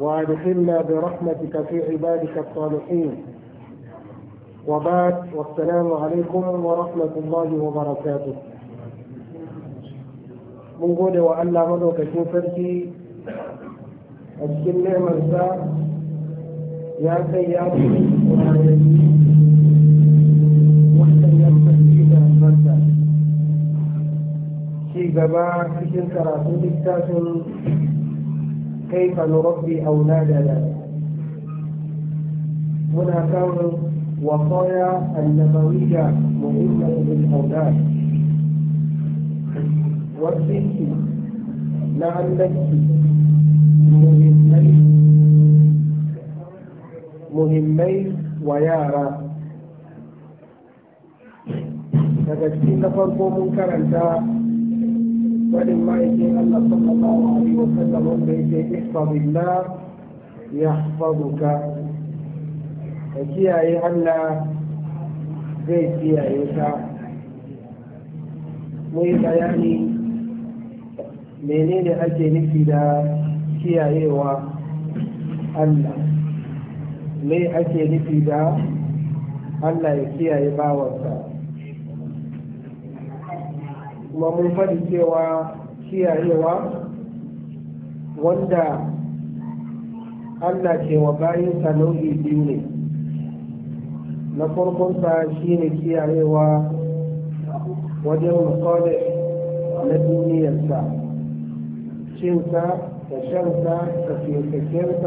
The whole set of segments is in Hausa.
وادخلنا برحمتك في عبادك الصالحين وبعد والسلام عليكم ورحمة الله وبركاته من موجود وألا مدو كشين فرشي أشكل نعم الزاء يا سيارة وحسن يمسى فيك الزاء شي زبا كشين كراسو كيف نربي أولادنا هنا كون وصايا النبوية مهمة للأولاد والبنت مع النفس مهمين مهمين ويارا فقد كنت فرقوا منك فإن ما يجي أن صلى الله عليه وسلم بيتي احفظ الله يحفظك فكياي ألا زي كيايك مي بياني menene ake nufi da kiyayewa Allah me ake nufi da Allah ya kiyaye bawansa kuma mun faɗi cewa kiyayewa wanda Allah ke wa bayinsa nau'i biyu ne na farkonsa shi ne kiyayewa wajen matsole na duniyarsa cinsa da shansa da fiye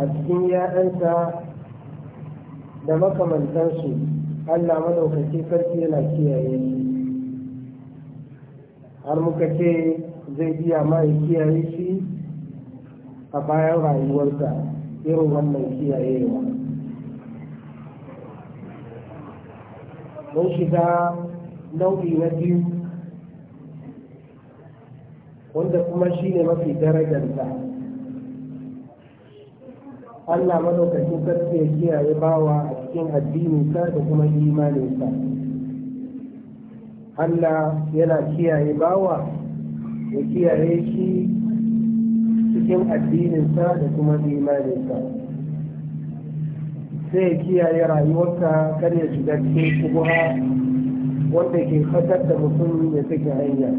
a cikin ya'yansa da makamantansu Allah madaukaki sarki yana kiyaye shi har muka ce zai biya ma kiyaye shi a bayan rayuwarsa irin wannan kiyayewa mun shiga nau'i na biyu wanda kuma shi ne mafi darajarta Allah madaukakin kasu ya kiyaye bawa a cikin addininsa da kuma imaninsa. Allah yana kiyaye bawa ya kiyaye shi cikin addininsa da kuma imaninsa sai ya kiyaye rayuwarsa kan ya shiga cikin kubuha wanda ke fatar da mutum ya sake hanya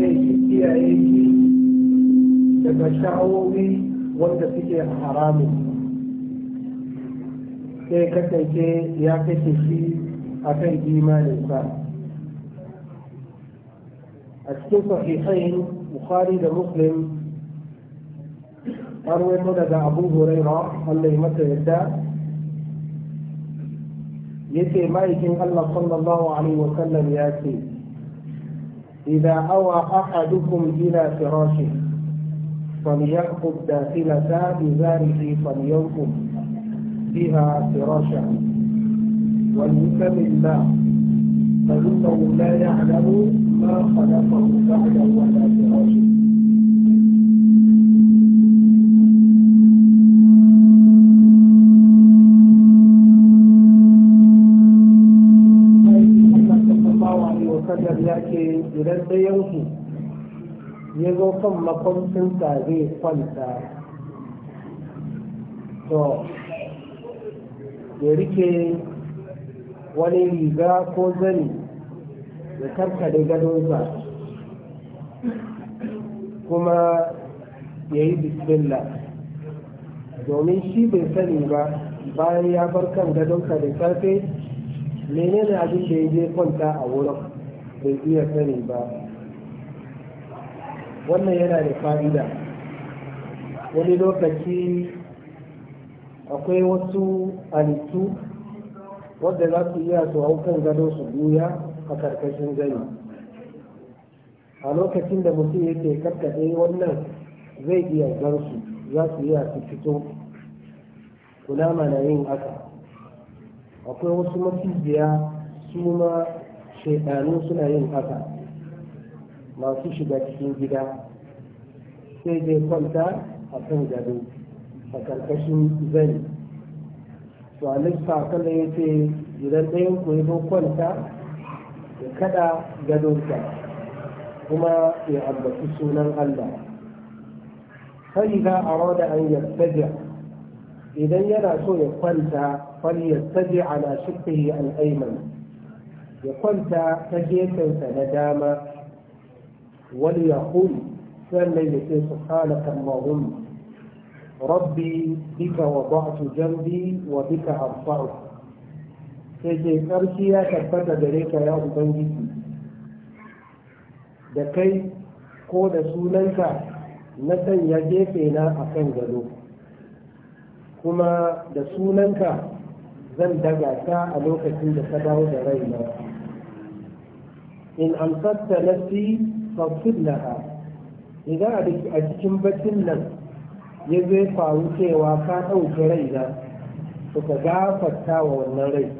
sai shi kiyaye shi daga sha'awowi wanda suke haramun sai kasance ya kashe shi أتي إيمان الإنسان أشكل صحيحين بخاري مسلم أروي مدد أبو هريرة الله يمثل الداء يتي مايك الله صلى الله عليه وسلم ياتي إذا أوى أحدكم إلى فراشه فليأخذ داخلة بذلك فليركب بها فراشه والحكم الله فإنه لا يعلم ما خلقه بعد ولا فراشه ya ce idan ya zo kan makwamcinsa zai kwanta to ya rike wani riga ko zani ya karkade gadonsa kuma ya yi bisbilla domin shi bai sani ba bayan ya bar kan gadonsa da safe ne abin da ya je kwanta a wurin bai iya sani ba wannan yana da fa'ida wani lokaci akwai wasu halittu wadda za su iya su hau kan gado su buya a karkashin gani a lokacin da mutum yake karkaɗe wannan zai iya su, za su iya su fito kunama na yin haka akwai wasu mafijiya su ma shaidanu suna yin haka masu shiga cikin gida sai dai kwanta a kan gado a karkashin zani to alaihi sallam ya ce idan ɗayan ku ya kwanta ya kada gadonka kuma ya ambaci sunan Allah a arada an yattaja idan yana so ya kwanta fal yattaji ala shukrihi al-ayman ya kwanta ta gefensa na dama wal yaqul sannan ya ce subhanaka allahumma rabbi bika wada'tu jambi wa bika arfa'u sai ce ya tabbata gare ka ya ubangiji da kai ko da sunanka na sanya gefe na a kan gado kuma da sunanka zan daga ta a lokacin da ka dawo da raina in amsatta nafsi fasud laha idan a cikin bakin nan ya zai faru cewa ka ɗauki rai su suka gafarta wa wannan rai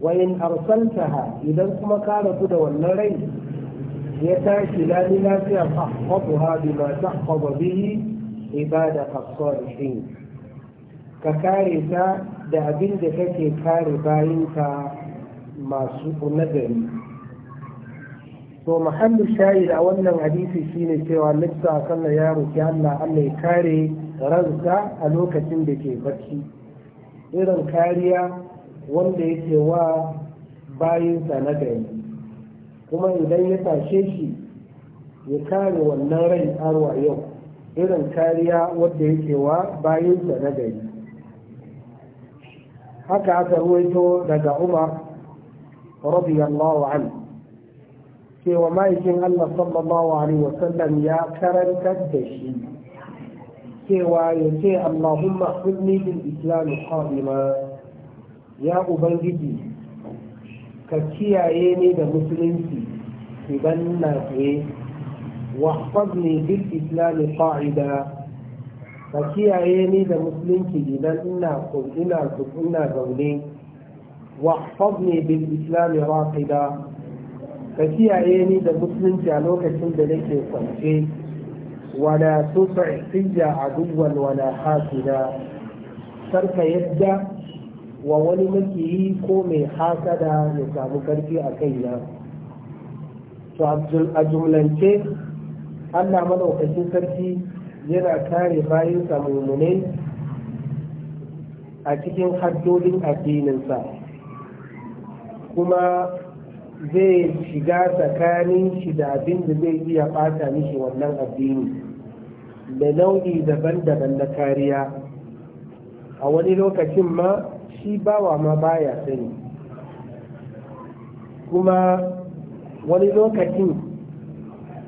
wayin ha idan kuma ka rabu da wannan rai ya tashi lani lafiya fahfaduha bima tahfadu bihi ibadaka salihin ka kare ta da abin da kake kare bayinka masu nagari to mahallu shahid a wannan hadisi shine cewa nafsa akalla ya roki Allah Allah ya kare ransa a lokacin da ke barci irin kariya wanda yake wa bayinsa na gari kuma idan ya tashe shi ya kare wannan rai arwa yau irin kariya wanda yake wa bayinsa na gari haka aka ruwaito daga umar radiyallahu anhu cewa mahaifin Allah sallallahu alaihi wasallam ya karantar da shi cewa ya ce Allahumma hudni bil islam qa'ima ya ubangiji ka kiyaye ni da musulunci idan na tsaye واحفظني بالإسلام قاعدا فكيعيني ذا مسلم كجدا ina قل إنا قل إنا زولي واحفظني بالإسلام راقدا ka kiyaye ni da musulunci a lokacin da nake kwance wala tusa siyya aduwan wala hasida sarka yadda wa wani makiyi ko mai hasada ya samu karfi a kaina to a jumlance allah maɗaukacin sarki yana kare bayansa samunune a cikin haddodin addininsa kuma zai shiga tsakanin shi da abin da zai iya ɓata mishi wannan addini da nau'i daban-daban na kariya a wani lokacin ma shi bawa ma baya sani kuma wani lokacin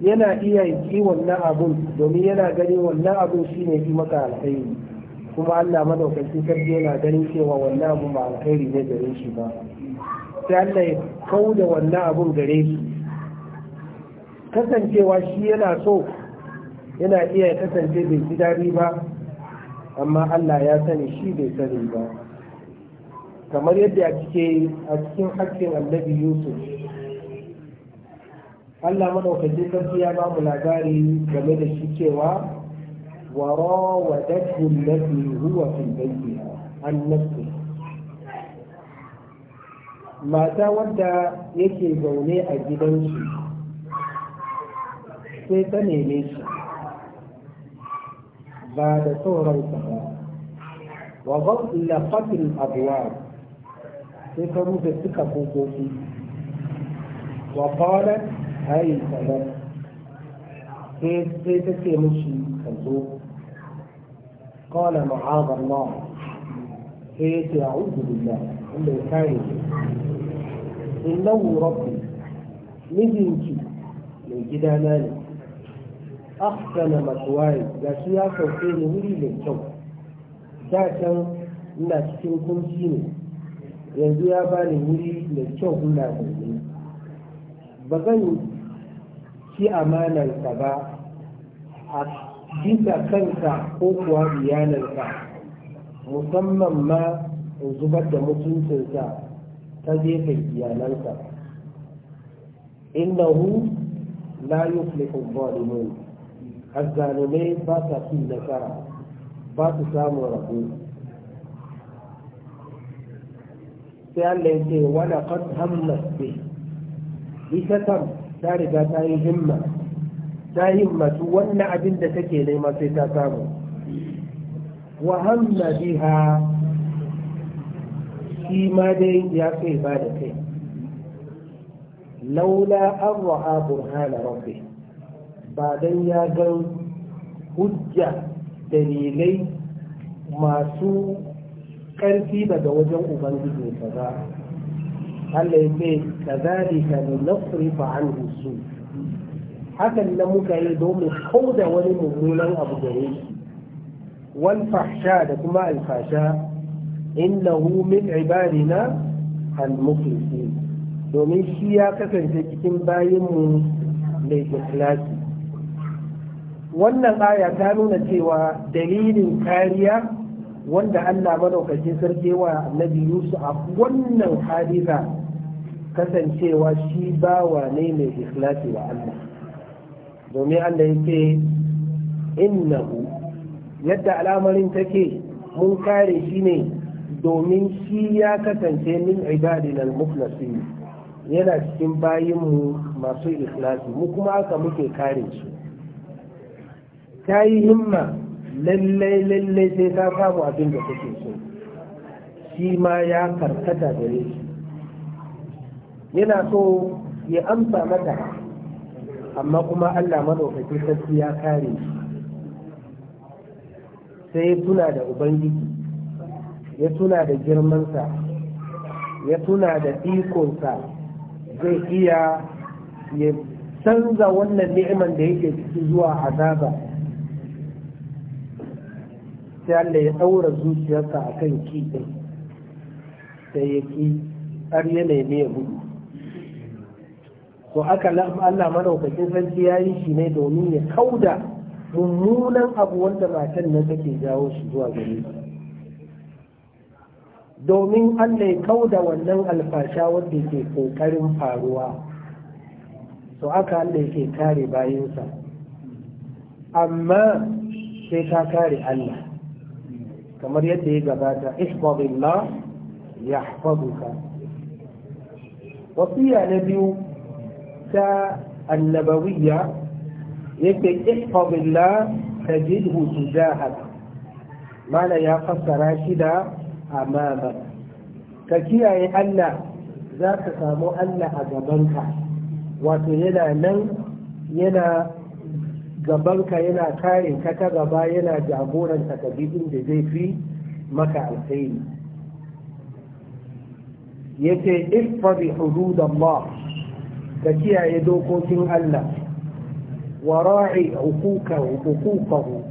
yana iya yi wannan abun domin yana ganin wannan abun shi ne fi maka alkhairi kuma allah madaukakin sarki yana ganin cewa wannan abun ba alkhairi ne gare shi ba sai Allah ya kau da wannan abun gare su kasancewa shi yana so yana iya kasance bai ji daɗi ba amma Allah ya sani shi bai sani ba kamar yadda a cikin hakkin annabi Yusuf Allah maɗaukacin sarki ya ba mu labari game da shi cewa wa وراودته التي هو huwa fil عن annabi mata wadda yake zaune a gidansu sai ta neme shi ba da sauransa ba wa ghallaqatil abwab sai ta rufe duka kofofi wa qalat hayy salat sai sai ta ce mishi kazo qala ma'adallah sai ya ce a'udhu billah inda ya kare shi innahu rabbi mijinki mai gidana ne ahsana maswaye ga shi ya sauke ni wuri mai kyau da na cikin kunci ne yanzu ya bani wuri mai kyau ina zaune ba zan ci amanarka ba a bisa kansa ko kuwa iyalanka musamman ma in zubar da mutuncinsa ta ka. iyalansa innahu la yuflihu zalimun azzalume ba ta fi nasara ba su samun rabo sai Allah ya ce wala qad hammat bi ita kam ta riga ta yi himma ta himmatu wannan abin da take nema sai ta samu wa hamma biha shi ma dai ya kai ba da kai laula an ra'a burhana rabbi ba dan ya ga hujja dalilai masu ƙarfi daga wajen ubangiji ka ba Allah ya ce ka zalika da nasri fa an husu hakan na muka yi domin kauda wani mummunan abu gare shi wal fahsha da kuma alfasha innahu min ibadina al domin shi ya kasance cikin bayinmu mai ikhlasi wannan aya ta nuna cewa dalilin kariya wanda Allah madaukakin sarki wa annabi Yusuf a wannan hadisa kasancewa shi bawa ne mai ikhlasi wa Allah domin Allah yake innahu yadda al'amarin take mun kare shi ne domin shi ya kasance min ibadina al muflasi yana cikin bayinmu masu ikhlasi mu kuma aka muke kare su ta yi himma lallai lallai sai ta samu abin da take so shi ma ya karkata da ne yana so ya amsa mata amma kuma Allah madaukaki sassu ya kare shi sai tuna da ubangiji ya tuna da girmansa ya tuna da ikonsa zai iya ya canza wannan ni'iman da yake ciki zuwa azaba sai Allah ya ɗaura zuciyarsa a kan ki sai ya ƙi har ya gudu to aka Allah madaukakin sarki ya yi shi ne domin ya kauda mummunan abu wanda matan nan take jawo shi zuwa gare shi domin Allah ya kau da wannan alfasha wadda ke ƙoƙarin faruwa to aka Allah yake kare bayansa amma sai ka kare Allah kamar yadda ya gabata ihfazillah yahfazuka wasiya na biyu ta annabawiyya yake jihu su tujahak mana ya fassara shi amama ka kiyaye Allah za ka samu Allah a gabanka wato yana nan yana gabanka yana kare ka ta gaba yana jagoranta ka da zai fi maka alkhairi yace ihfazi hududallah ka kiyaye dokokin Allah wa ra'i hukukahu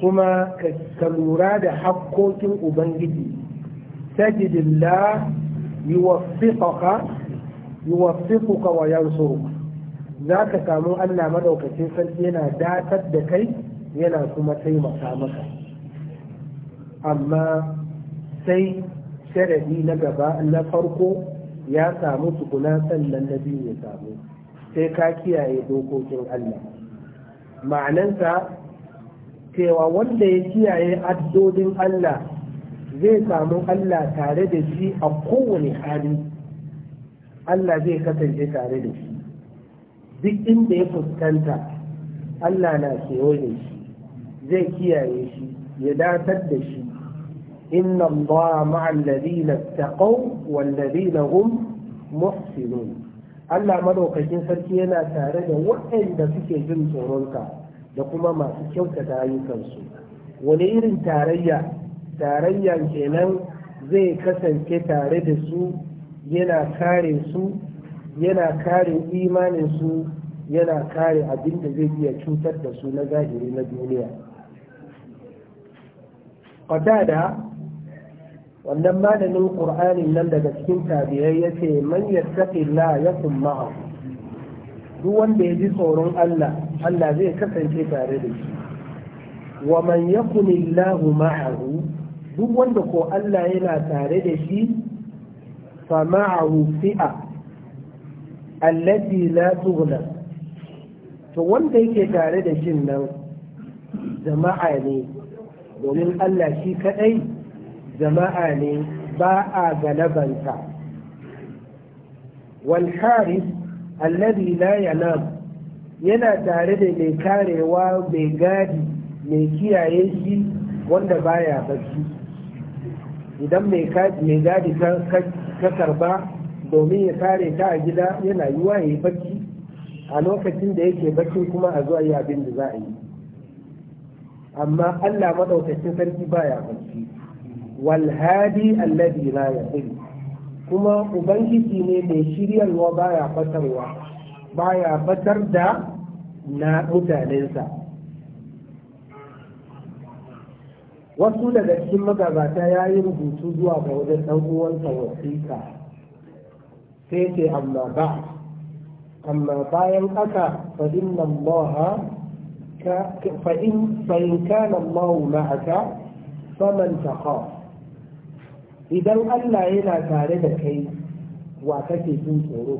kuma ka lura da hakkokin ubangiji tajidillah yuwaffiqaka yuwaffiquka wa yansuruka za ka samu Allah madaukakin sarki yana datar da kai yana kuma taimaka maka amma sai sharadi na gaba na farko ya samu tukuna sannan na biyu ya samu sai ka kiyaye dokokin Allah ma'anansa cewa wanda ya kiyaye addodin Allah zai samu Allah tare da shi a kowane hali Allah zai kasance tare da shi duk inda ya fuskanta Allah na kewaye da shi zai kiyaye shi ya datar da shi inna Allah ma'al ladina taqaw wal ladina hum muhsinun Allah madaukakin sarki yana tare da waɗanda suke jin tsoronka da kuma masu kyautata ayyukansu wani irin tarayya tarayya kenan zai kasance tare da su yana kare su yana kare imanin su yana kare abin da zai iya cutar da su na zahiri na duniya da wannan malamin ƙur'anin nan daga cikin tabirai ya ce man yattaqi ma'ahu duk wanda ya ji tsoron Allah Allah zai kasance tare da shi wa man yakun Allahu ma'ahu duk wanda ko Allah yana tare da shi fa ma'ahu fi'a allati la tughla to wanda yake tare da shi nan jama'a ne domin Allah shi kadai jama'a ne ba a galabanta wal haris alladhi la yanam yana tare da mai karewa mai gadi mai kiyaye shi wanda baya bacci idan mai gadi ka karba domin ya kare ka a gida yana yi ya yi bacci a lokacin da yake bacci kuma a zuwa yi abin da za a yi amma allah maɗaukacin sarki baya bacci walhadi alladhi la yaqulu kuma ubangiji ne mai shiryarwa baya batarwa baya batar da na mutanensa wasu daga cikin magabata ya yi rubutu zuwa ga wajen ɗan wasiƙa sai ce amma ba amma bayan haka fa inna allaha fa in kana ma'aka faman idan Allah yana tare da kai wa kake jin tsoro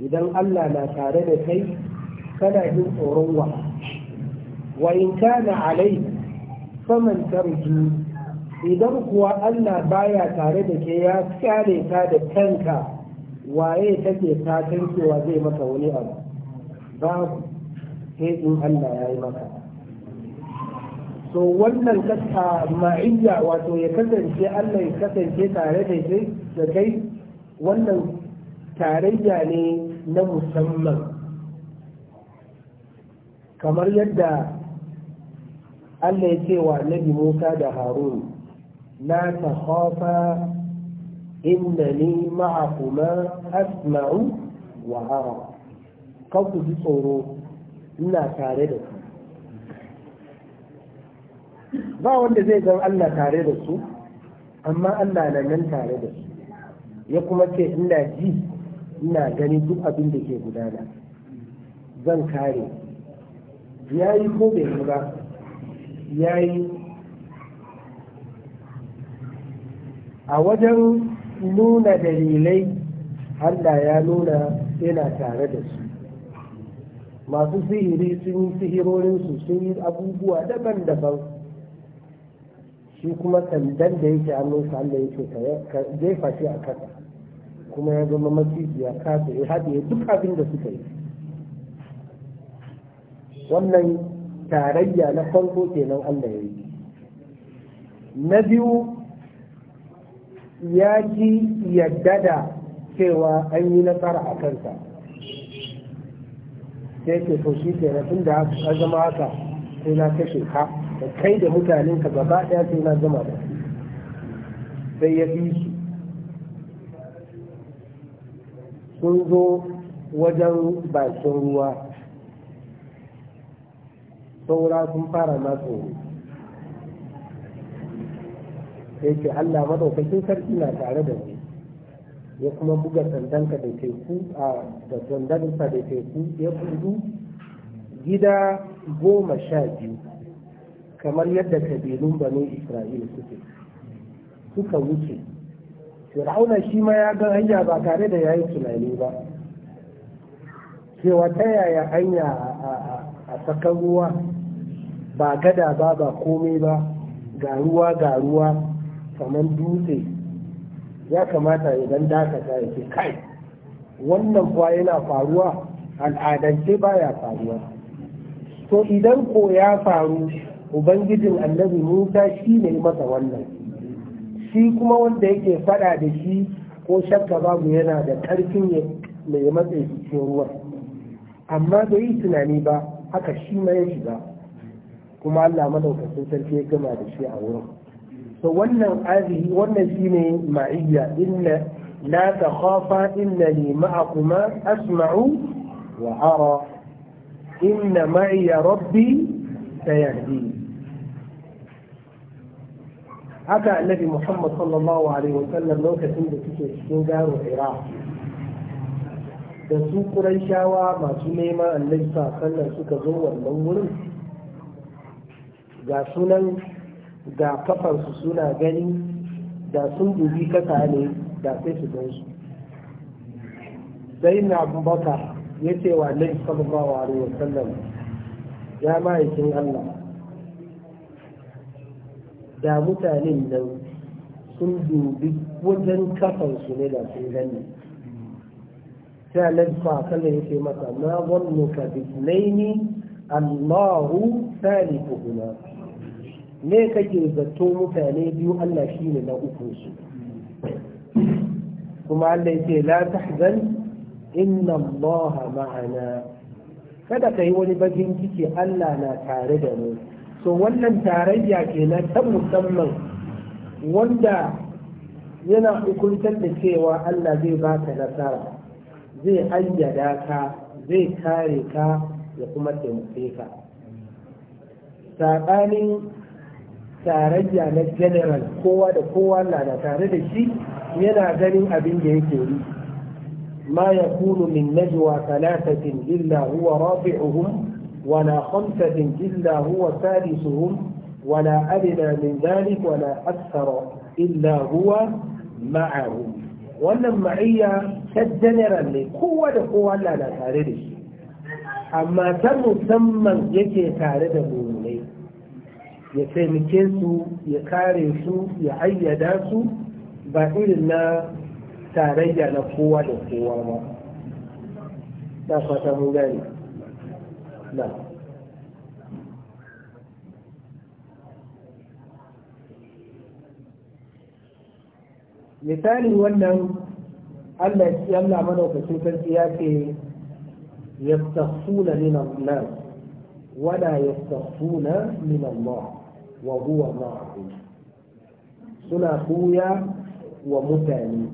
idan Allah na tare da kai kana jin tsoron wa wa in kana alai faman tarji idan kuwa Allah baya tare da ke ya kare ka da kanka waye kake fatan cewa zai maka wani abu ba sai in Allah ya yi maka to wannan ma'iyya wato ya kasance Allah ya kasance tare da kai da kai wannan tarayya ne na musamman kamar yadda Allah ya ce wa Nabi Musa da Harun la ta khafa innani asma'u wa ara kan ku tsoro ina tare da ku ba wanda zai zama Allah tare da su amma Allah na nan tare da su ya kuma ce ina ji ina gani duk abin da ke gudana zan kare ya yi ko bai kuma ya yi a wajen nuna dalilai Allah ya nuna yana tare da su masu sihiri sun yi sihirorinsu sun yi abubuwa daban-daban shi kuma sandan da yake hannunsa Allah ya ce ka jefa shi a kasa kuma ya zama macijiya, ya kasa ya haɗe duk abin da suka yi wannan tarayya na farko kenan Allah ya yi na biyu ya ji yadda da cewa an yi nasara a kansa sai ke to shi kenan tun da zama haka sai na kashe ka da kai da mutanen ka gaba ɗaya sai na zama da sai ya bi su sun zo wajen bakin ruwa saura sun fara na tsoro sai ce Allah maɗaukakin sarki na tare da ni, ya kuma buga sandanka da teku a da sandansa da teku ya kudu gida goma sha biyu kamar yadda kabilun bane isra'ila suke suka wuce fir'auna shi ma ya ga hanya ba tare da yayi tunani ba cewa ta yaya hanya a sakan ruwa ba gada ba ba komai ba ga ruwa ga ruwa kamar dutse ya kamata idan dakata ya ce kai wannan kuwa yana faruwa al'adance baya faruwa to idan ko ya faru ubangijin annabi musa shi ne masa wannan shi kuma wanda yake fada da shi ko shakka babu yana da ƙarfin mai matsayi cikin ruwa, amma bai yi tunani ba haka shi ma ya shiga kuma allah madaukakin sarki ya gama da shi a wurin so wannan azihi wannan shi ne ma'iyya inna la ta khafa inna li ma'akuma asma'u wa ara inna ma'iyya rabbi sayahdi haka annabi muhammad sallallahu alaihi wa sallam lokacin da suke cikin garo ira da su shawa masu neman annabi sallallahu suka zo wannan wurin ga sunan ga su suna gani da sun dubi kasa ne da sai su gan su sai na abubakar ya ce wa annabi sallallahu alaihi wa sallam ya ma'aikin allah da mutanen nan sun dubi wajen kafansu ne da sun gani sai annabi sa kallon yake mata na wannan ka bisnaini allahu salikuhuma me kake zato mutane biyu allah ne na uku su kuma allah yake la tahzan inna allaha ma'ana kada ka yi wani bakin ciki allah na tare da mu so wannan tarayya kenan ta musamman wanda yana hukuntar da cewa Allah zai ba ka nasara zai ayyada ka zai kare ka ya kuma taimake ka saɓanin tarayya na general kowa da kowa na da tare da shi yana ganin abin da yake yi ma ya من نجوى ثلاثة إلا هو رافعهم ولا خمسة إلا هو ثالثهم ولا أدنى من ذلك ولا أكثر إلا هو معهم ولما هي كالجنرا لقوة قوة لا لا تاردش أما تم تم يكي تارد بوني يتم كنسو يكارسو يعيداسو بإلنا تارد لقوة قوة ما تفتهم ذلك نعم misali wannan Allah ya Allah madaukakin sarki ya ce yastaghfuna min Allah wala yastaghfuna min Allah wa huwa ma'ahum suna buya wa mutane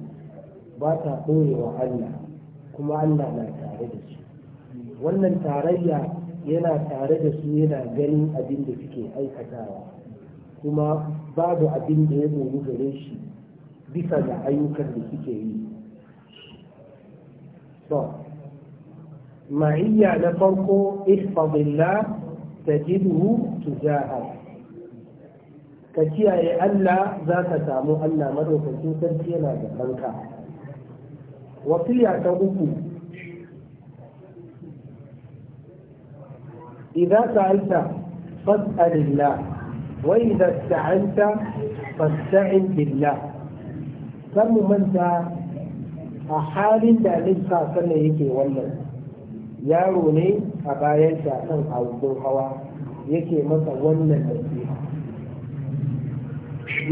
ba ta wa Allah kuma Allah na tare da shi. wannan tarayya yana tare da su yana ganin abin da suke aikatawa kuma babu abin da ya bugu gare shi bisa ga ayyukan da suke yi so ma'iyya na farko ihfazillah tajidhu tujahak ka kiyaye Allah za ka samu Allah madaukakin sarki yana da kanka wasiya ta uku إذا سألت فاسأل الله وإذا استعنت فاستعن بالله كم من a halin da lissa sannan yake wannan yaro ne a bayan shi a kan abokin hawa yake masa wannan Ya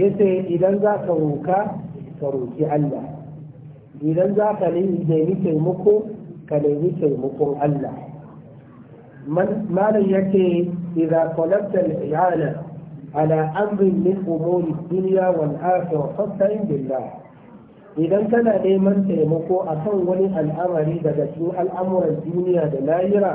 yace idan za ka roka ka roki Allah idan za ka nemi taimako ka nemi taimakon Allah malam yake ce, qalabta al-i'ana ala amrin min umuri dunya wal akhirah fasta'in billah idan kana neman taimako akan wani al'amari daga cikin al'amuran duniya da lahira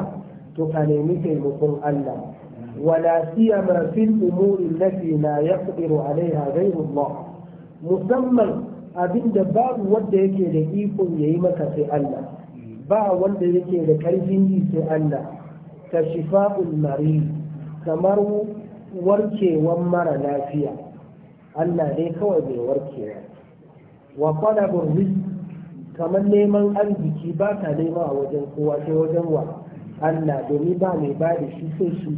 to ka nemi taimakon Allah ولا سيما في الامور التي لا يقدر عليها غير الله musamman abinda babu wanda yake da ikon ya yi maka sai Allah ba wanda yake da karfin yi sai Allah ka shifa'ul mari kamar warkewan mara lafiya Allah dai kawai bai warkewa wa talabur rizq kamar neman arziki ba ta nema a wajen kowa sai wajen wa Allah domin ba mai ba da shi sai shi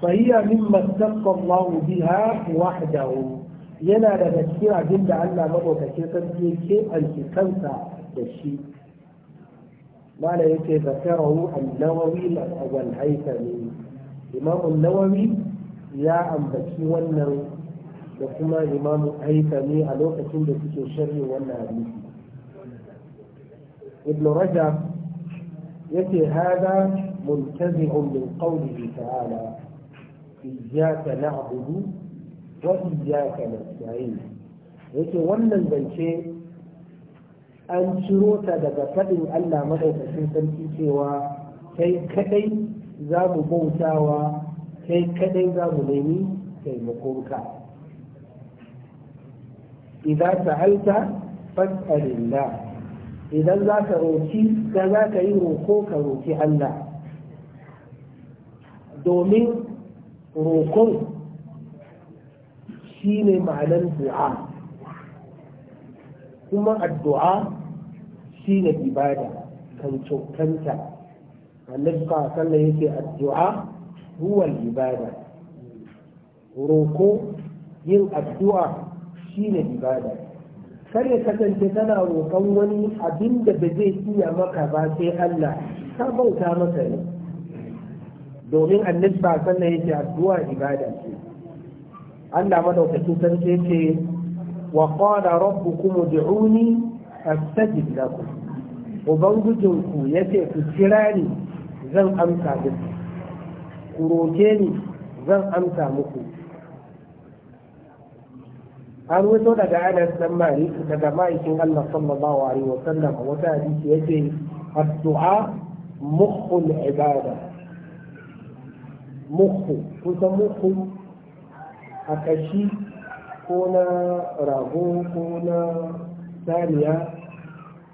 fahiya min mastaqqa Allah biha wahdahu yana daga cikin abin da Allah madaukake sarki yake alki kansa da shi ما لا يتذكره النووي والهيثمي إمام النووي يا أم بكي ونن وكما إمام الهيثمي ألوك كنت في شر ونن ابن رجب يتي هذا منتزع من قوله تعالى إياك نعبد وإياك نستعين yake wannan zance an ciro ta daga faɗin Allah maɗaukacin sarki cewa kai kaɗai za mu bautawa kai kaɗai za mu nemi taimakonka idan ta halta fas'alillah idan za ka roki ka za ka yi roko ka roki Allah domin rokon shi ne ma'anar du'a kuma addu'a shi ne ibada kan cokanta annabi ka sallah yake addu'a huwal ibada roko yin addu'a shi ne ibada kar ya kasance tana roƙon wani abin da ba zai iya maka ba sai Allah ka bauta maka ne domin annabi ba sallah yake addu'a ibada ce Allah madaukakin sarki yake وقال ربكم ادعوني استجب لكم ubangijinku ya ce ku kira ni zan amsa muku ku roke ni zan amsa muku an wato daga anas dan malik daga ma'aikin Allah sallallahu alaihi wa sallam wata hadisi yace addu'a mukhul ibada mukhu ko san mukhu akashi ko na rago ko na saniya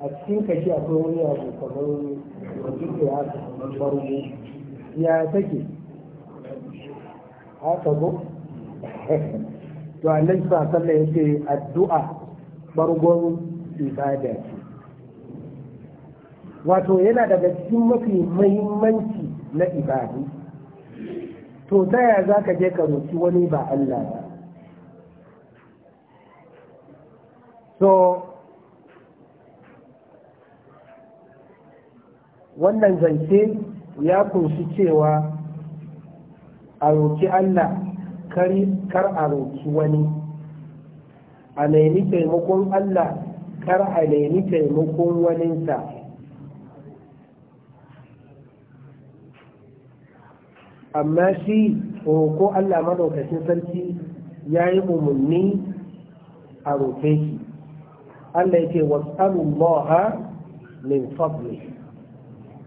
a cikin kashi akwai wani abu kamar wajen ya haka kamar bargo ya take haka ko to a annabi sa sallah ce addu'a bargon ibada ce wato yana daga cikin mafi mahimmanci na ibadu to ta yaya za ka je ka roki wani ba Allah ba so wannan zance ya kunshi cewa a roki Allah kar a roki wani a nemi taimakon Allah kar a nemi taimakon waninsa amma shi roko Allah maɗaukacin sarki ya yi umarni a roke shi Allah yake was'alullaha min fadli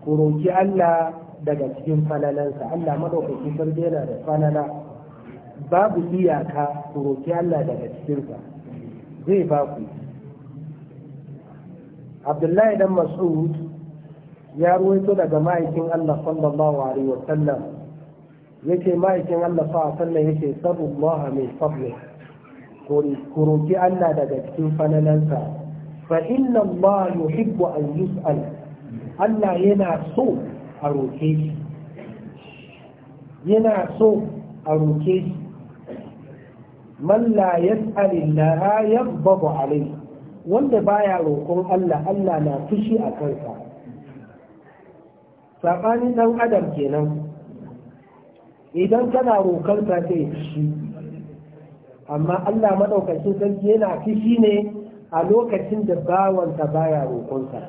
ku roki Allah daga cikin falalansa Allah madaukakin sarki yana da falala babu iyaka ku roki Allah daga cikinsa zai ba ku Abdullahi dan Mas'ud ya ruwaito daga ma'aikin Allah sallallahu alaihi wa sallam yake ma'aikin Allah sallallahu alaihi wa sallam yake sabu Allah min fadli ku Allah daga cikin falalansa fa inna Allah yuhibbu an yus'al Allah yana so a roke shi yana so a roke shi man la yas'alillaha yaghdhabu alayhi wanda baya roƙon Allah Allah na fushi a kansa saɓanin ɗan adam kenan idan kana roƙon ta sai shi. amma Allah maɗaukacin sarki yana fishi ne a lokacin da bawansa baya roƙonsa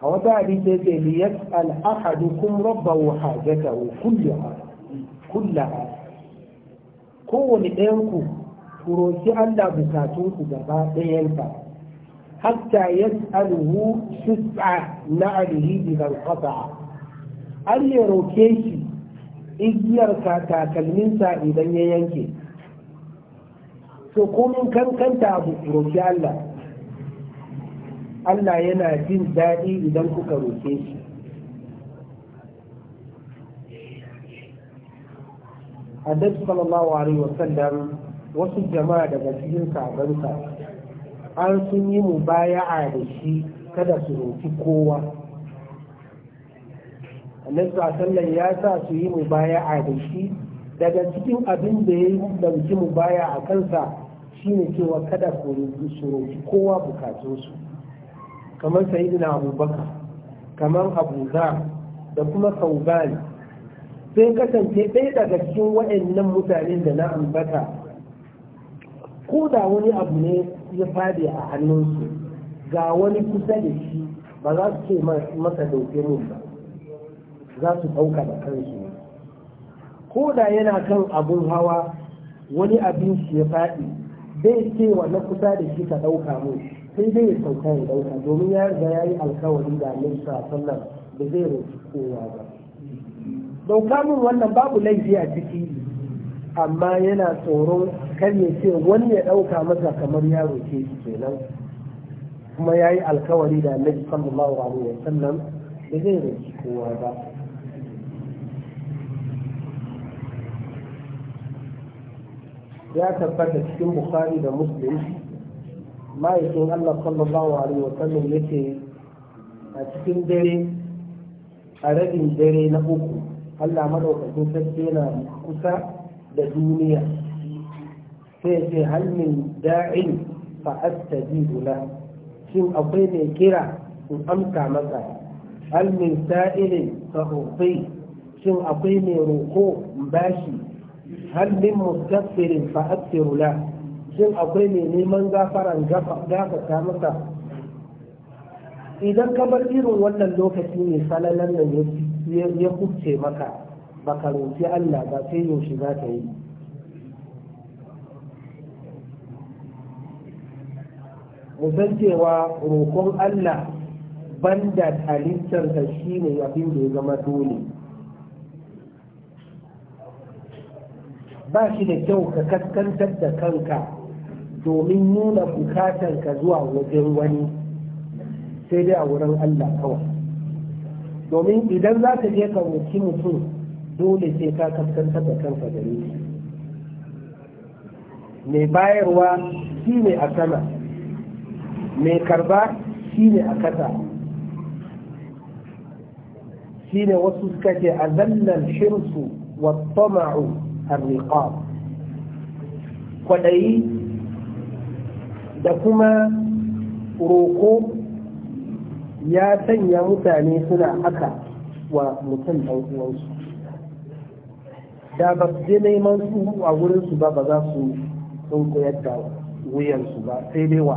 a wata hadisi yake li yas'al ahadukum rabbahu hajatahu kullaha kullaha kowane ɗayan ku ku roki Allah bukatun ku gaba ɗayansa hatta yas'aluhu shus'a na alihi bi al har ya roke shi igiyar ka takalminsa idan ya yanke so komin kankanta abu roƙi Allah Allah yana jin daɗi idan kuka roƙe shi annabi sallallahu alaihi wasallam wasu jama'a daga cikin sabansa an sun yi mubaya'a da shi kada su roƙi kowa annabi sallallahu ya sa su yi mu baya a da shi daga cikin abin da ya dauki mu baya a kansa shine cewa kada ku roki kowa su kamar sayyidina abubakar kamar abu da kuma sauban sai kasance ɗaya daga cikin waɗannan mutanen da na ambata ko da wani abu ne ya fadi a hannunsu ga wani kusa da shi ba za su ce masa dauke mun ba za su ɗauka da kansu ko da yana kan abun hawa wani abin shi ya faɗi bai cewa na kusa da shi ka ɗauka mu sai dai ya sauka ya ɗauka domin ya riga ya yi alkawari da sa sallar da zai roƙi kowa ba ɗauka min wannan babu laifi a ciki amma yana tsoron kar ya ce wani ya ɗauka masa kamar ya roƙe shi kenan kuma ya yi alkawari da annabi sallallahu alaihi sallam da zai roƙi kowa ba ya tabbata cikin bukhari da muslim ma'aikin allah sallallahu alaihi wasallam ya ce a cikin dare a rabin dare na uku allah maɗaukakin sarki yana kusa da duniya sai ce halmin da'in fa'astajibu la shin akwai mai kira in amsa masa halmin sa'ilin fa'ufi shin akwai mai roko in bashi hal min mustaghfirin fa aghfiru la shin akwai mai neman gafaran gafarta masa idan ka bar irin wannan lokaci mai salalan nan ya kubce maka baka roƙi Allah ba sai yaushe za ta yi musan cewa roƙon Allah banda halittar da shi ne abin da ya zama dole ba shi da kyau ka kaskantar da kanka domin nuna ka zuwa wajen wani sai dai a wurin Allah kawai domin idan za ka je ka wuce mutum dole sai ka kaskantar da kanka da shi mai bayarwa shi ne a sama mai karba shi ne a kasa shi ne wasu suka ce a zallar shirsu wa tama'u الرقاب kwaɗayi da kuma roƙo ya sanya mutane suna haka wa mutum ɗan da ba su je neman su a wurinsu ba ba za su sun koyar da wuyansu ba sai dai wa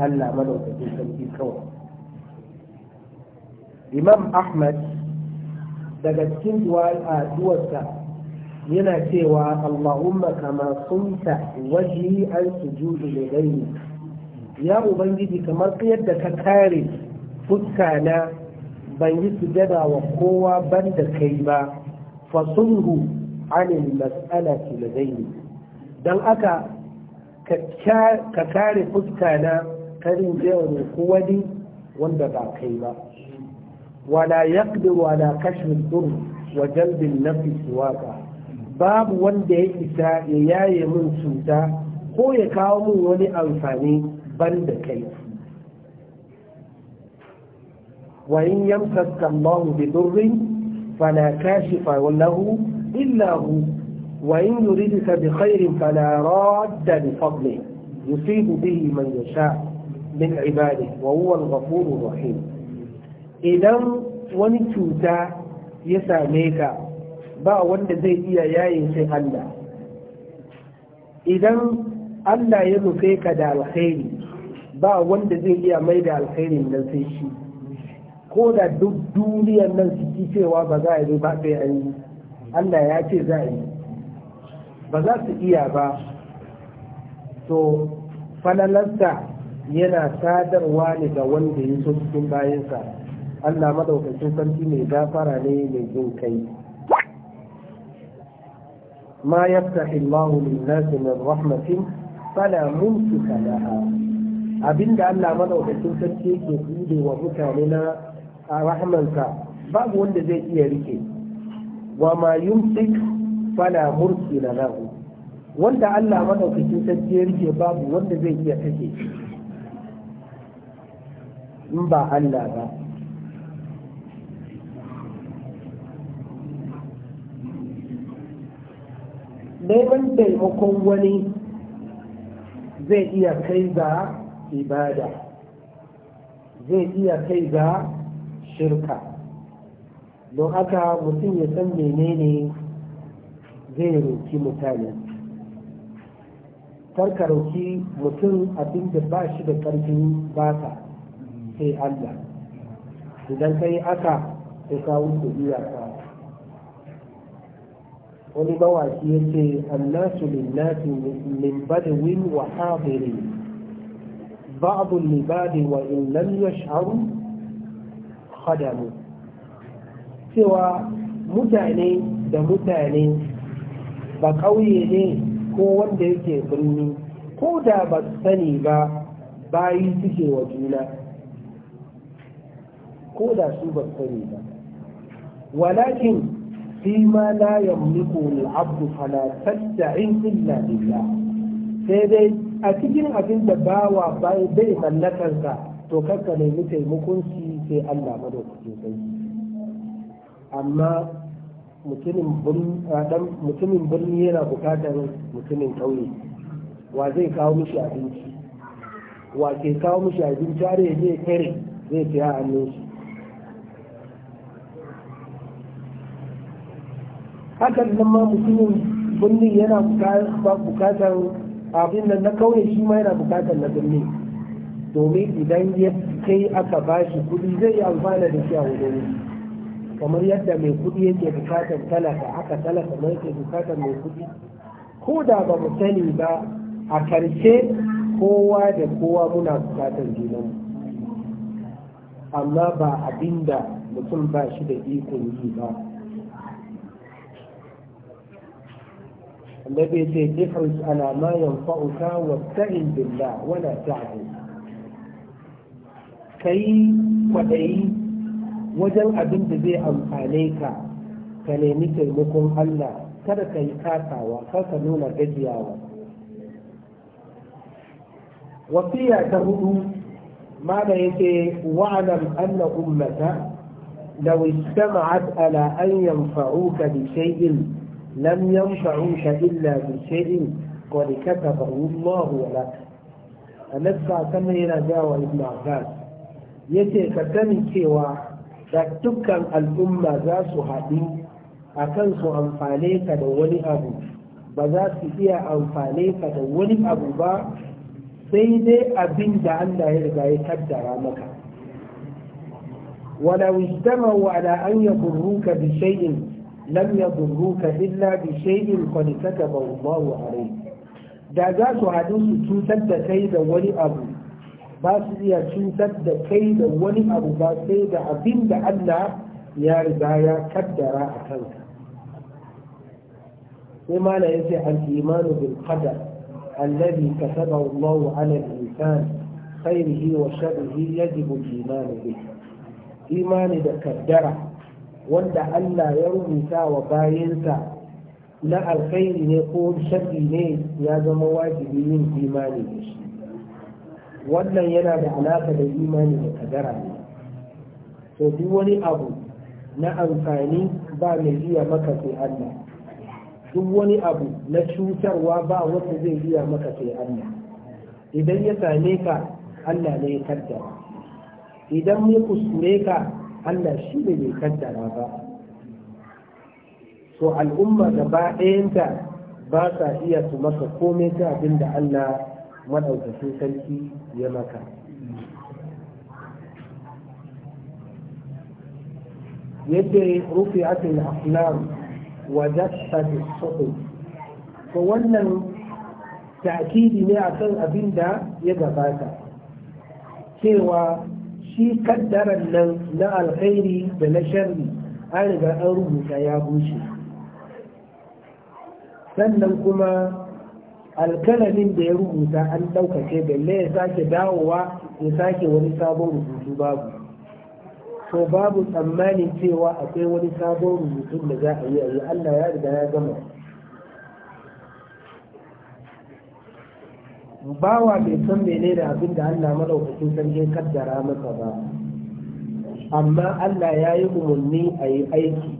Allah madaukakin sarki kawai imam ahmad daga cikin duwarsa yana cewa Allahumma kama sunta waji an sujudu li ghayri ya ubangiji kamar yadda ka kare fuska na ban yi sujada wa kowa ban da kai ba fasunhu anil mas'alati li dan aka ka kare fuska na karin jewa wani wanda ba kai ba wala yaqdiru ala kashfi dhurr wa jalbi an-nafsi siwaka babu wanda ya isa ya yaye mun cuta ko ya kawo mun wani amfani ban da kai wa in yamsaka Allahu bi durrin fala kashifa lahu illa hu wa in yuridka bi khairin fala radda li fadli yusibu bihi man yasha min ibadihi wa huwa al-ghafurur rahim idan wani cuta ya same ka ba wanda zai iya yaye sai Allah idan Allah ya nufe ka da alkhairi ba wanda zai iya mai da alkhairin nan sai shi ko da duk duniyar nan su cewa ba za a yi ba sai an yi Allah ya ce za a yi ba za su iya ba to falalarsa yana sadarwa ne ga wanda ya so cikin bayansa Allah madaukakin sarki mai gafara ne mai jin kai ما يفتح الله للناس من رحمة فلا ممسك لها abin da Allah madaukakin sarki yake bude wa mutane na rahmansa babu wanda zai iya rike wa ma yumsik fala mursila lahu wanda Allah madaukakin sarki ya rike babu wanda zai iya take in ba Allah ba neman taimakon wani zai iya kai ga ibada zai iya kai ga shirka don haka mutum ya san menene zai roki mutane karka roki mutum abin da ba shi da ba bata sai allah idan ka yi aka sai kawo ku kawo wani mawaki ya ce annasu linnasi min badawin wa hadiri ba'du libadi wa in lam yash'aru khadamu cewa mutane da mutane ba kauye ne ko wanda yake birni ko da ba sani ba bayi suke wa juna ko da su ba sani ba walakin فيما لا يملكه العبد فلا تستعين إلا بالله sai dai a cikin abin da bawa bai mallakarsa to kakka nemi taimakon shi sai Allah madaukakin sarki amma mutumin birni yana bukatar mutumin ƙauye wa zai kawo mishi abinci wa ke kawo mishi abinci har ya je kare zai fiya hannun shi hakan nan ma mutumin birni yana bukatar abin nan na kauye shi ma yana bukatar na birni domin idan ya kai aka bashi kuɗi zai yi amfana da shi a wajen kamar yadda mai kuɗi yake bukatar talaka aka talaka ma yake bukatar mai kuɗi ko da ba mu sani ba a karshe kowa da kowa muna bukatar junanmu amma ba abinda mutum ba shi da ikon yi ba النبي يقول احرص على ما ينفعك واستعن بالله ولا تعجز كي kwaɗayi wajen abin da zai amfane ka ka nemi taimakon Allah kada ka yi kasawa kar ka nuna gajiyawa wasiya ta hudu ma da yake da anna ummata law ijtama'at ala an yanfa'uka bi shay'in لم ينفعوك illa بشيء قد كتبه الله لك annabi sama yana gawa ibn abbas yace ka sani cewa da al'umma za su haɗu a kan su amfane ka da wani abu ba za su iya amfane ka da wani abu ba sai dai abin da Allah ya riga ya kaddara maka ولو اجتمعوا على أن يضروك بشيء lam yadurruka illa bi shay'in qad katabahu Allahu alayk da za su haɗu su cutar da kai da wani abu ba su iya cutar da kai da wani abu ba sai da abin da Allah ya riga ya kaddara a kanka sai mala ya ce al-imanu bil qadar alladhi katabahu Allah ala al-insan khairihi wa sharrihi yajibu al-iman bih imani da kaddara wanda Allah ya rubuta wa bayansa na alkhairi ne ko shaɗi ne ya zama wajibi yin imani da shi wannan yana da alaka da imani da kadara ne to duk wani abu na amfani ba mai iya maka sai Allah duk wani abu na cutarwa ba wanda zai iya maka sai Allah idan ya same ka Allah ne ya kaddara idan ya kuskure ka Allah shi ne mai kaddara ba so al'umma gaba ɗayanta ba sa iya su maka komai ta abin da Allah maɗaukacin sarki ya maka yadda rufe atin aflam wa jasta to wannan ta'kidi ne akan abin da ya gabata cewa shi kaddaran nan na alkhairi da na sharri an riga an rubuta ya bushe sannan kuma alkalamin da ya rubuta an ɗaukace balle ya sake dawowa ya sake wani sabon rubutu babu to babu tsammanin cewa akwai wani sabon rubutun da za a yi a yi allah ya riga ya gama bawa bai san da abin da Allah madaukakin sarki ya kaddara masa ba amma Allah ya yi umarni a yi aiki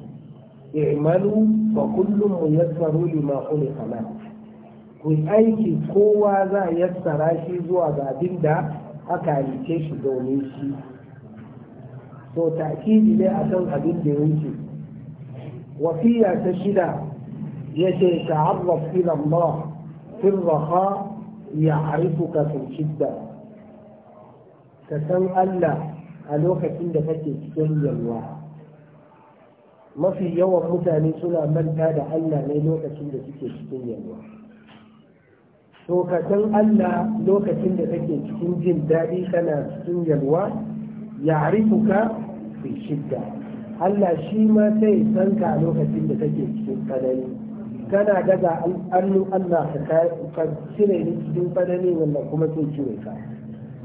i'malu fa kullum muyassaru lima ne la ku aiki kowa za a yassara shi zuwa ga abin da aka halice shi domin shi to ta'kidi ne akan abin da yake Wafiya ta shida yace ta'arraf ila Allah fi ya harifu kafin shidda ka san Allah a lokacin da kake cikin yalwa mafi yawan mutane suna manta da Allah ne lokacin da suke cikin yalwa to ka san Allah lokacin da kake cikin jin daɗi kana cikin yalwa ya harifuka fi shidda Allah shi ma sai san ka a lokacin da kake cikin tsanani kana daga annu Allah ka cire ni cikin tsanani wannan kuma ke cire ka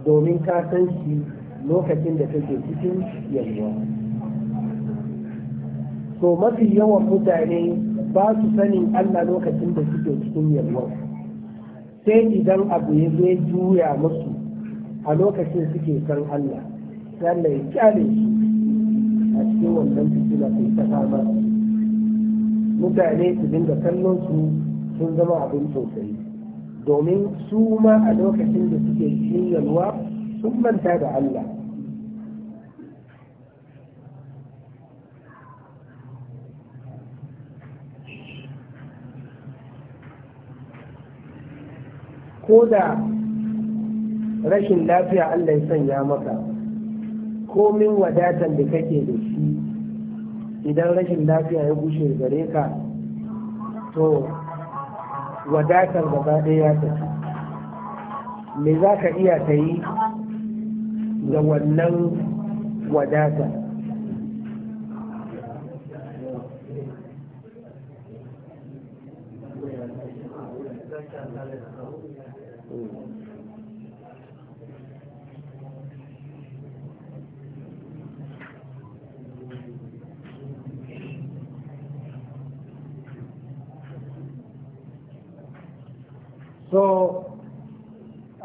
domin ka san shi lokacin da kake cikin yalwa to mafi yawan mutane ba su sanin Allah lokacin da suke cikin yalwa sai idan abu ya zai juya musu a lokacin suke san Allah Allah ya kyale su a cikin wannan fitina sai ta kama mutane su dinga kallon su sun zama abin sosai domin su ma a lokacin da suke cikin yalwa sun manta da Allah ko da rashin lafiya Allah ya sanya maka komin wadatan da kake da shi idan rashin lafiya ya gushe gare ka to wadatar gaba ɗaya ya tafi me za ka iya ta yi da wannan wadatar.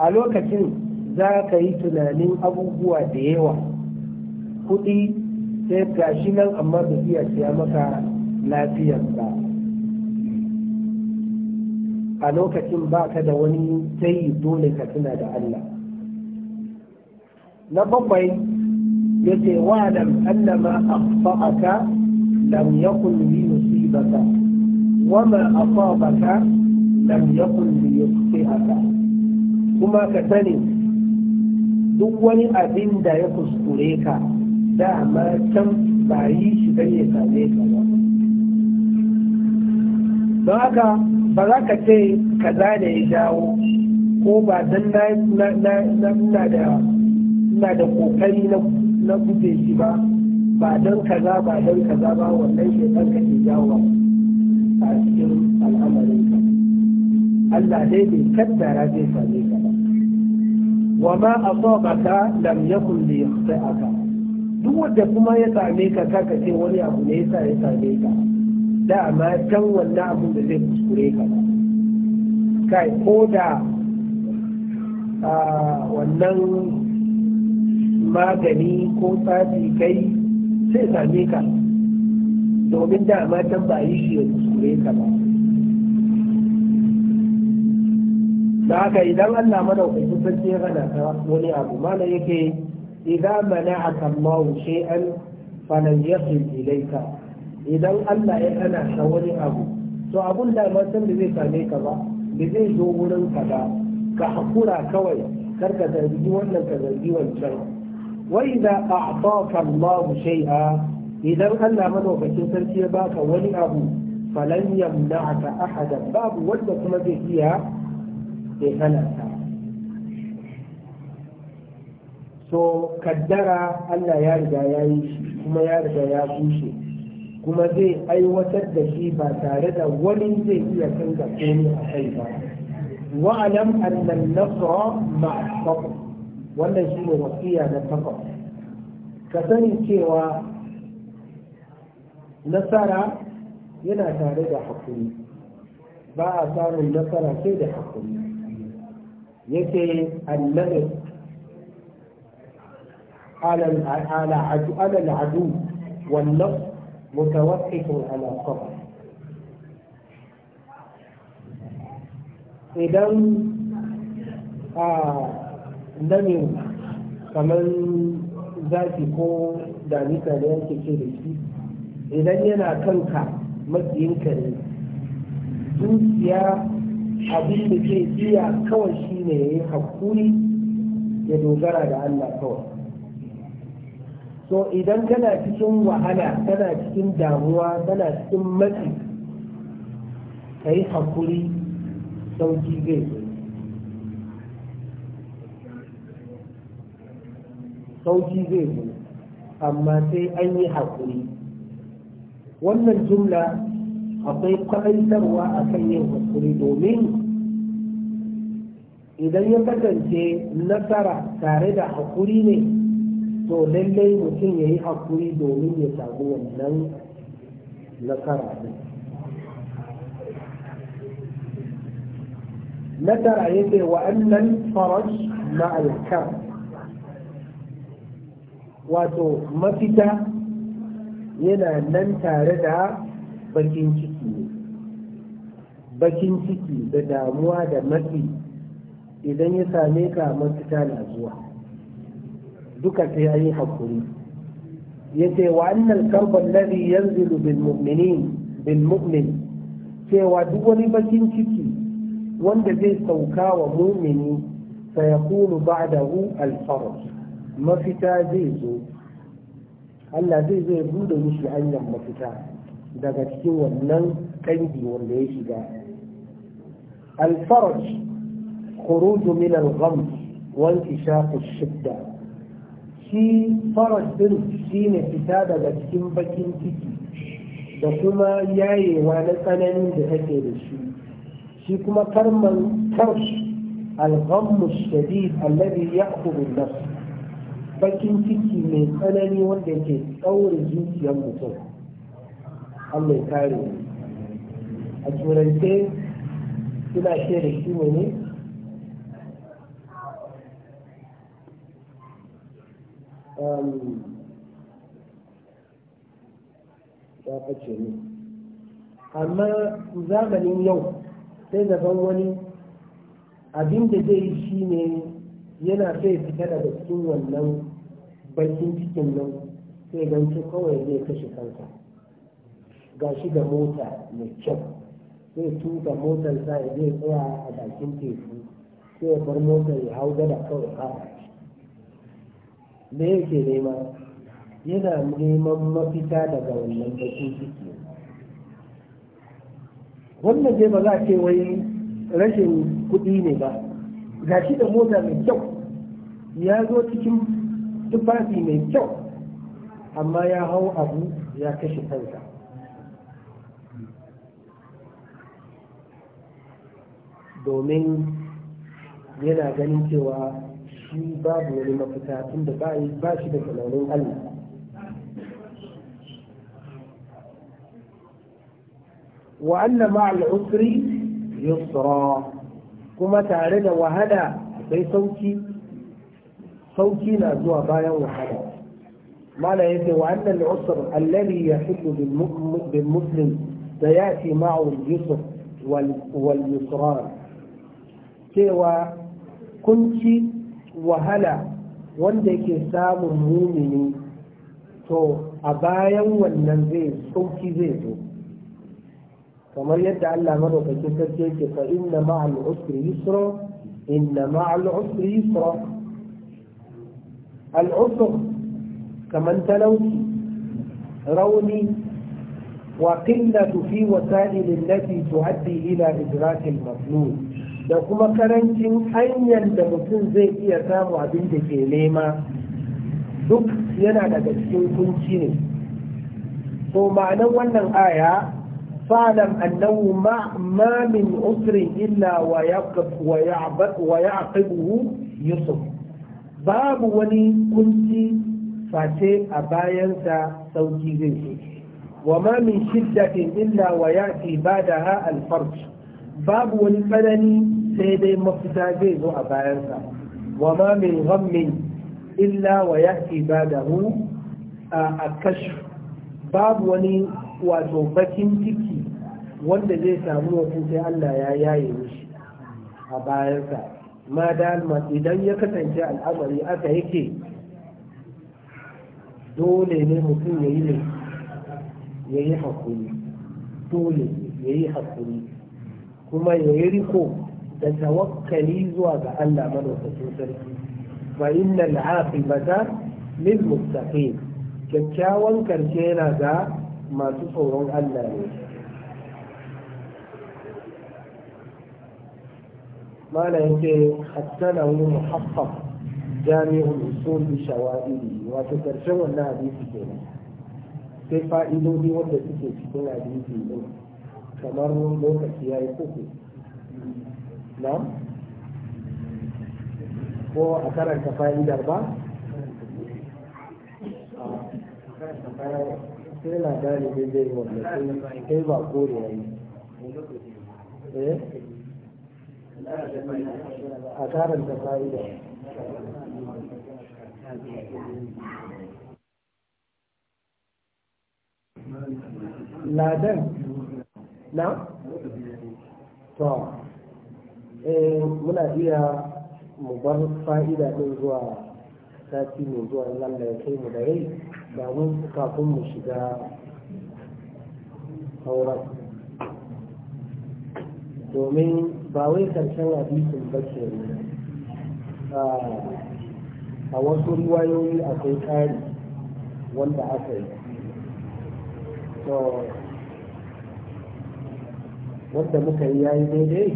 a lokacin za ka yi tunanin abubuwa da yawa kuɗi sai gashi nan amma ba iya siya maka lafiyar ba a lokacin ba ka da wani sai dole ka tuna da Allah na bakwai ya ce wa lam annama akfa'aka lam ya kulli yusibaka wa ma asabaka lam ya kulli yusibaka kuma ka sani duk wani abin da ya kuskure ka dama can ba yi shi don same ka ba don haka ba za ka ce kaza da ya jawo ko ba don na da kokari na guje shi ba ba don kaza ba don kaza ba wannan ɗan ka ke jawo a cikin al'amarin ka. Allah dai bai kaddara zai same ka wa ma asabaka lam yakun li aka duk wanda kuma ya same ka kaka ce wani abu ne yasa ya same ka dama can wannan abun da zai kuskure ka kai ko da wannan magani ko tsafi kai sai same ka domin dama can ba yi shi ya kuskure ka ba da haka idan Allah madaukakin sarki ya hana ka wani abu malam yake idan mana'aka Allahu shay'an falan yaqil ilayka idan Allah ya hana ka wani abu to abun da ma san da zai same ka ba da zai zo wurin ka ba ka hakura kawai kar ka zargi wannan ka zargi wancan wa idza a'taka Allahu shay'a idan Allah madaukakin sarki ya baka wani abu falan yamna'aka ahadan babu wanda kuma zai iya sai hana so kaddara Allah ya riga ya yi shi kuma ya riga ya bushe kuma zai aiwatar da shi ba tare da wani zai iya canza komai a kai ba wa'alam annan nasra ma'a wannan shi ne wasiya na takwas ka sani cewa nasara yana tare da hakuri ba a samun nasara sai da hakuri yake annabi ala adu wannan mutawakkifin ala idan a namin kamar zafi ko damisa da yake ce da shi idan yana kanka matsayinka ne zuciya abin da ke iya kawai shi ne ya yi hakuri ya dogara da Allah kawai so idan kana cikin wahala kana cikin damuwa kana cikin matsi ka yi hakuri sauki zai sauki zai zo amma sai an yi hakuri wannan jumla akwai kwarantarwa a kan yin hakuri domin idan ya kasance nasara tare da hakuri ne to lallai mutum ya yi hakuri domin ya samu wannan nasara ne nasara ya ce wa'annan faraj ma'alkar wato mafita yana nan tare da bakin ciki bakin ciki da damuwa da matsi idan ya same ka mafita na zuwa duka sai an yi hakuri ya ce wa annal karban lari yanzu bil mu'min cewa duk wani bakin ciki wanda zai sauka wa mumini sayakunu ba'dahu al-farj mafita zai zo Allah zai zai bude mishi hanyar mafita daga cikin wannan kangi wanda ya shiga الفرج خروج Gam, الغم وانتشاق الشدة shi faras ɗin shi ne fita daga cikin bakin ciki da kuma yayewa na tsanani da take da shi shi kuma karman karsh alghammu shadid alladhi ya'khudhu an bakin ciki mai tsanani wanda yake ƙaure zuciyar mutum Allah ya kare a turance suna ce da shi ne ya kace ne amma zamanin yau sai zaban wani abin da zai yi shi ne yana so ya fita daga cikin wannan bakin cikin nan sai ganci kawai zai kashe kansa shi da mota mai kyau zai tuka motar sa ya zai tsaya a bakin teku sai ya bar motar ya hau gada kawai kawai da yake nema yana neman mafita daga wannan bakin ciki wannan dai ba za a ce wai rashin kuɗi ne ba ga shi da mota mai kyau ya zo cikin tufafi mai kyau amma ya hau abu ya kashe kansa domin yana ganin cewa shi babu wani mafita tun da ba shi da tunanin Allah وأن مع العسر يسرا كما تعرض وهدا في صوتي صوتي نازوها بايا وهدا ما لا يتي وأن العسر الذي يحل بالمسلم سيأتي معه اليسر واليسران cewa kunci wahala wanda yake samun mumini to a bayan wannan zai sauki zai zo kamar yadda Allah madaukakin sarki yake fa inna ma'al usri yusra inna ma'al usri yusra al usr kaman talauci rauni wa qillatu fi wasail allati tuaddi ila idrak al maflul da kuma karancin hanyar da mutum zai iya samu abin da ke nema duk yana daga cikin kunci ne to ma'anar wannan aya fa'lam annahu ma ma min usri illa wa yaqab wa ya'bad wa ya'qibuhu yusuf babu wani kunci face a bayansa sauki zai wa ma min shiddatin illa wa ya'ti badaha al-farj babu wani tsanani sai dai mafita zai zo a bayansa wa ma min ghammin illa wa ya'ti ba'dahu a kashu babu wani wato bakin ciki wanda zai samu wasu sai Allah ya yaye mishi a bayansa ma dalma idan ya kasance al'amari aka yake dole ne mutum ya yi ne ya yi hakuri dole ya yi hakuri kuma ya yi riko da tawakkali zuwa ga Allah madaukakin sarki fa innal aqibata lil muttaqin kyakkyawan karshe yana ga masu tsoron Allah ne mana yake hattana wani muhaffaf jami'un usul bi shawa'ili wato karshen wannan hadisi kenan sai fa'idodi wanda suke cikin hadisi din kamar lokaci ya yi uku na ko a karanta fa'idar ba sai na gane zai wanda ba a karanta eh? ladan na? to eh muna iya mu bar fa'ida ɗin zuwa sati mai zuwa Allah ya kai mu da rai da mun kafin mu shiga sauran domin ba wai karshen hadisin ba ke a wasu riwayoyi akwai tsari wanda aka yi wanda muka yi yayi daidai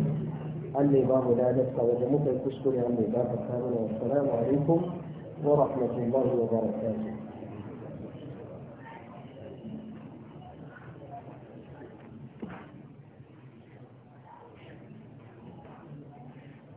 Allah ya ba mu dadasta wanda muka yi kuskure Allah ya ba ka mana wa assalamu alaikum wa rahmatullahi wa barakatuh